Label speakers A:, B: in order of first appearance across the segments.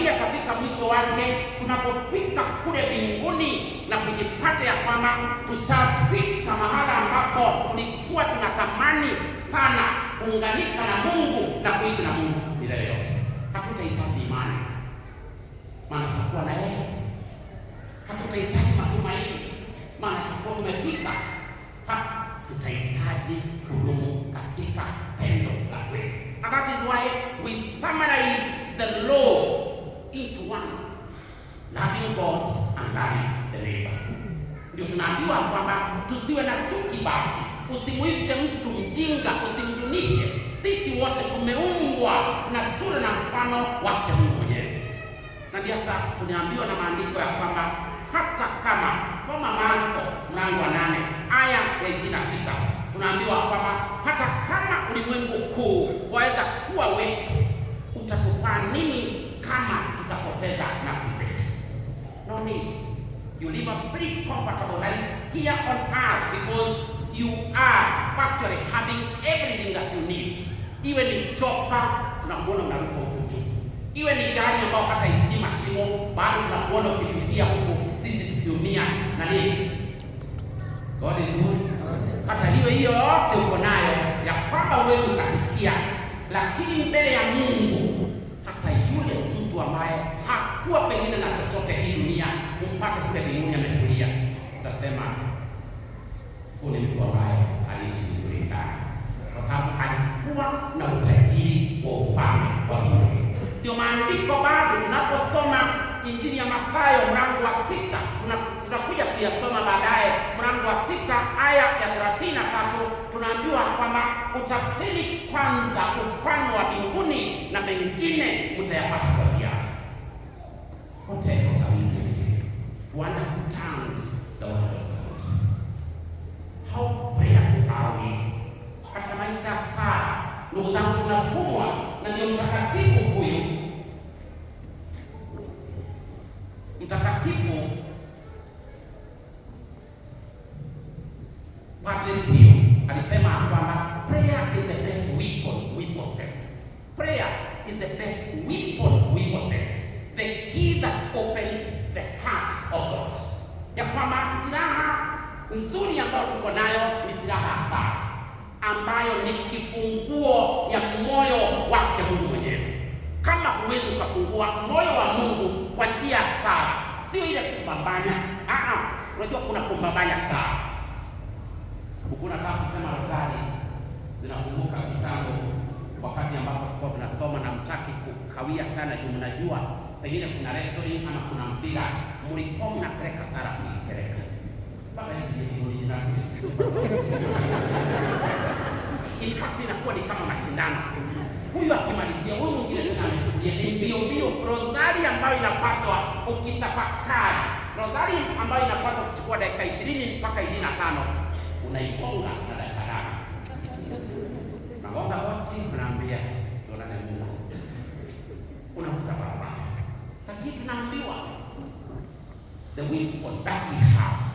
A: ile akafika mwisho wake, tunapofika kule mbinguni na kujipata ya kwamba tushafika mahala ambapo tulikuwa tunatamani sana kuunganika na Mungu na kuishi na Mungu milele yote, hatutahitaji imani. tunaambiwa kwamba tusiwe na chuki. Basi usimuite mtu mjinga, usimdunishe. Sisi wote tumeumbwa na sura na mfano wake Mungu Mwenyezi, na ndio hata tunaambiwa na maandiko ya kwamba hata kama soma Marko mlango wa nane aya ya ishirini na sita tunaambiwa kwamba hata kama ulimwengu kuu waweza kuwa wetu, utatufaa nini kama tutapoteza nafsi zetu? No need you live a pretty comfortable life here on earth because you are factory having everything that you need. Iwe ni chopa, tunakuona unaruka huko juu. Iwe ni gari ambayo hata isiki mashimo, bado tunakuona ukipitia huko, sisi tukiumia na nini. God is good. Hata hiyo hiyo yote uko nayo ya kwamba uwezi ukasikia, lakini mbele ya Mungu hata yule mtu ambaye hakuwa pengine na chochote hii dunia umpate kule mbinguni akasema huu ni mtu ambaye aliishi vizuri sana, kwa sababu alikuwa na utajiri wa ufalme wa mbinguni. Ndio maandiko bado tunaposoma Injili ya Mathayo mlango wa sita tunakuja kuyasoma baadaye, mlango wa sita aya ya thelathini na tatu tunaambiwa kwamba utafuteni kwanza ufalme wa mbinguni na mengine mtayapata kwa ziada. ndugu zangu, tunatumwa na ndio mtakatifu huyu mtakatifu Padre Pio alisema kwamba prayer is the best weapon we possess. Prayer is the best weapon we possess. The key that opens the heart of God. Ya kwamba silaha nzuri ambayo tuko nayo ambayo ni kifunguo ya moyo wake Mungu Mwenyezi. Kama huwezi ukafungua moyo wa Mungu kwa njia ya sala, sio ile kupambanya. Ah, ah, unajua kuna kupambanya sala, unataka kusema rozari. Ninakumbuka kitambo, wakati ambapo tulikuwa tunasoma na mtaki kukawia sana juu mnajua pengine kuna wrestling ama kuna mpira, mlikuwa mnapeleka sala kuipeleka ilikuwa tena kuwa ni kama mashindano, huyu akimalizia huyu mwingine tena anachukulia. Ni mbio mbio, rozari ambayo inapaswa ukitafakari, rozari ambayo inapaswa kuchukua dakika 20 mpaka 25 unaikonga na dakika nane nagonga wote, mnaambia onane Mungu, unauza barabara, lakini tunaambiwa the weak for that we have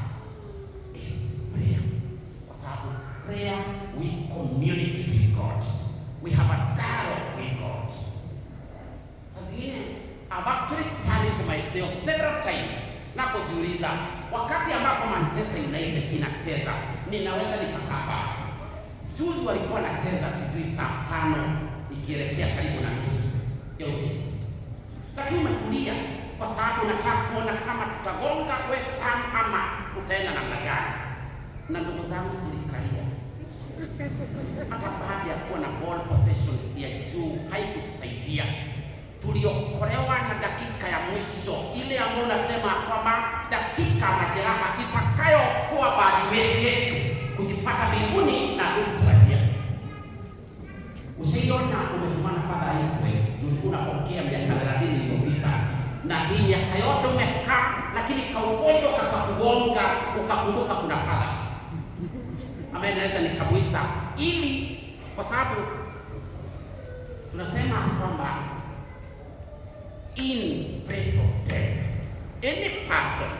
A: several times na kujiuliza, wakati ambapo Manchester United inacheza ninaweza nikakapa. Juzi walikuwa wanacheza sijui saa tano ikielekea karibu na nusu ya usiku, lakini umetulia kwa sababu unataka kuona kama tutagonga West Ham ama utaenda namna gani. Na ndugu zangu, zilikalia hata baada ya kuwa na ball possessions ya juu haikutusaidia tuliokolewa na dakika ya mwisho ile ambayo unasema kwamba dakika na majeraha itakayokuwa baadhi yetu kujipata mbinguni na kutupatia. Usiona umetumana Baba yetu, tulikuwa tunapokea miaka 30 iliyopita, na hii miaka yote umekaa, lakini kaugonjwa kakakugonga, ukakumbuka kuna Baba ambaye naweza nikamuita, ili kwa sababu tunasema kwamba in place of death. Any person,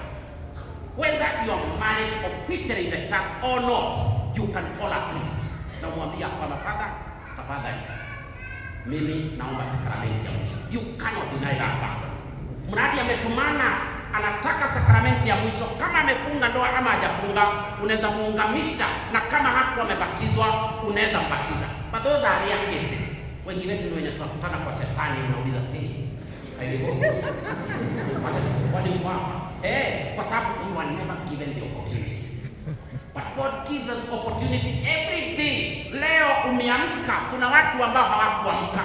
A: whether you are married officially in the church or not, you can call a priest na umwambia kwamba Father, tafadhali mimi naomba sakramenti ya mwisho. You cannot deny that person. Mradi ametumana anataka sakramenti ya mwisho, kama amefunga ndoa ama hajafunga, unaweza muungamisha, na kama hapo amebatizwa unaweza mbatiza. But those are rare cases. Wengine wetu wenye tunakutana kwa shetani, unauliza hey, Walimu wao. Eh, kwa sababu you are never given the opportunity. But God gives us opportunity every day. Leo umeamka, kuna watu ambao hawakuamka.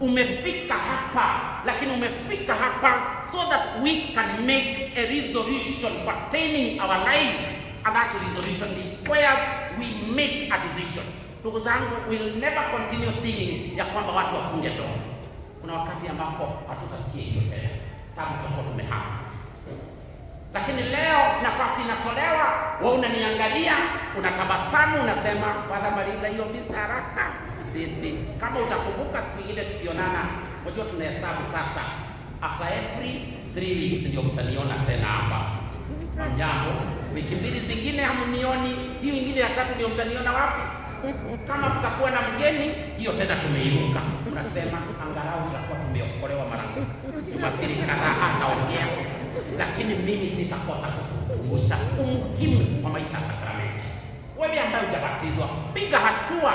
A: Umefika hapa, lakini umefika hapa so that we can make a resolution pertaining our life. And that resolution requires we make a decision. Ndugu zangu, we'll never continue seeing ya kwamba watu wafunge ndoa. Kuna wakati ambapo hatutasikia hiyo tena, sababu tutakuwa tumehama. Lakini leo nafasi inatolewa, wewe unaniangalia, unatabasamu, unasema kwanza maliza hiyo misa haraka. Sisi kama utakumbuka, siku ile tukionana, unajua tunahesabu sasa, after every three weeks ndio mtaniona tena hapa jambo. Wiki mbili zingine hamnioni, hiyo ingine ya tatu ndio mtaniona wapi? Kama tutakuwa na mgeni, hiyo tena tumeiruka, tunasema angalau tutakuwa tumeokolewa mara Jumapili kadhaa, hataongea lakini mimi sitakosa kukumbusha umuhimu wa maisha ya sakramenti. Wewe ambaye hujabatizwa, piga hatua.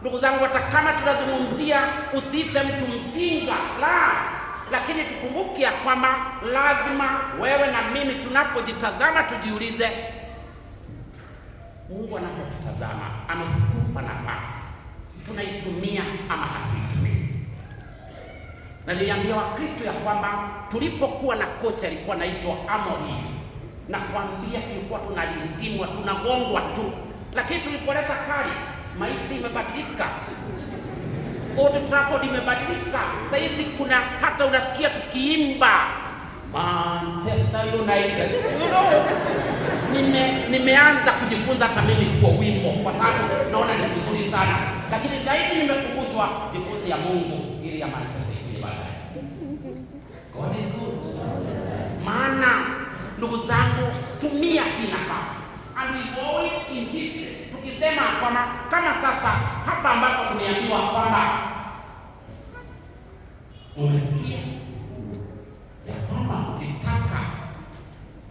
A: Ndugu zangu, hata kama tunazungumzia usiite mtu mjinga, la lakini tukumbuke ya kwamba lazima wewe na mimi tunapojitazama tujiulize Mungu anapotutazama ametupa nafasi, tunaitumia ama hatuitumii. Niliambia Wakristo ya kwamba tulipokuwa na kocha alikuwa naitwa Amoni, na kwambia tulikuwa tunalindimwa tunagongwa tu, lakini tulipoleta kari, maisha imebadilika, Old Trafford imebadilika. Sasa hivi kuna hata unasikia tukiimba Ah, Manchester United. You know, nime- nimeanza kujifunza hata mimi kuwa wimbo kwa sababu naona ni vizuri sana, lakini zaidi nimekumbushwa jifunzi ya Mungu ili ya Manchester United baadaye. God is good. Maana ndugu zangu, tumia hii nafasi and we always insist tukisema kwamba kama sasa hapa ambapo tumeambiwa kwamba umesikia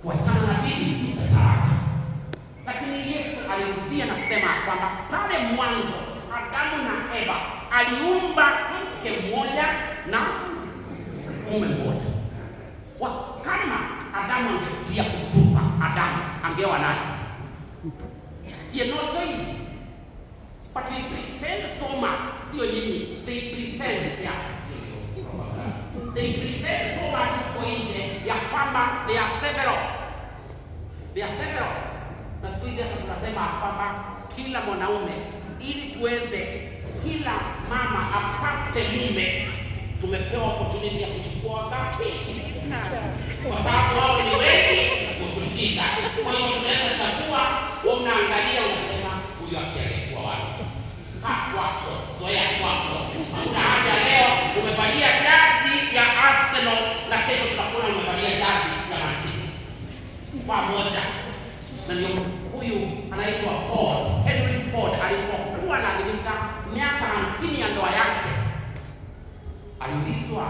A: kuachana na bibi utatawaka. Lakini Yesu alirudia na kusema kwamba pale mwanzo Adamu na Eva aliumba mke mmoja na mume mmoja. Kama Adamu angekuja kutupa Adamu angewa nani? Ye Tarime tumepewa opportunity ya kuchukua wangapi? Kwa sababu wao ni wengi kutushinda. Kwa hiyo tunaweza chagua, unaangalia unasema huyo akialikuwa wapi? Hakwako, zoea kwako. Hakuna haja leo umevalia jazi ya Arsenal na kesho tutakuwa umevalia jazi ya Man City. kwa moja, Na ndio huyu anaitwa Ford, Henry Ford alipokuwa anaadhimisha miaka 50 ya ndoa yake aliulizwa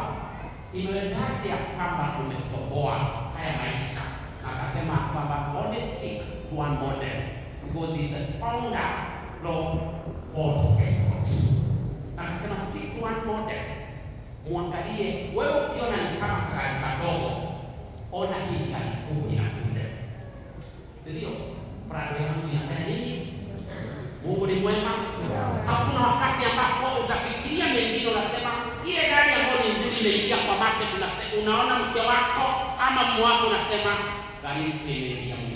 A: imewezaje ya kwamba tumetoboa haya maisha, akasema kwamba honesty one model because he is the founder of Ford Escort. Akasema stick to one model, muangalie wewe, ukiona ni kama kadogo unaona mke wako ama mume wako, unasema bali mpe ya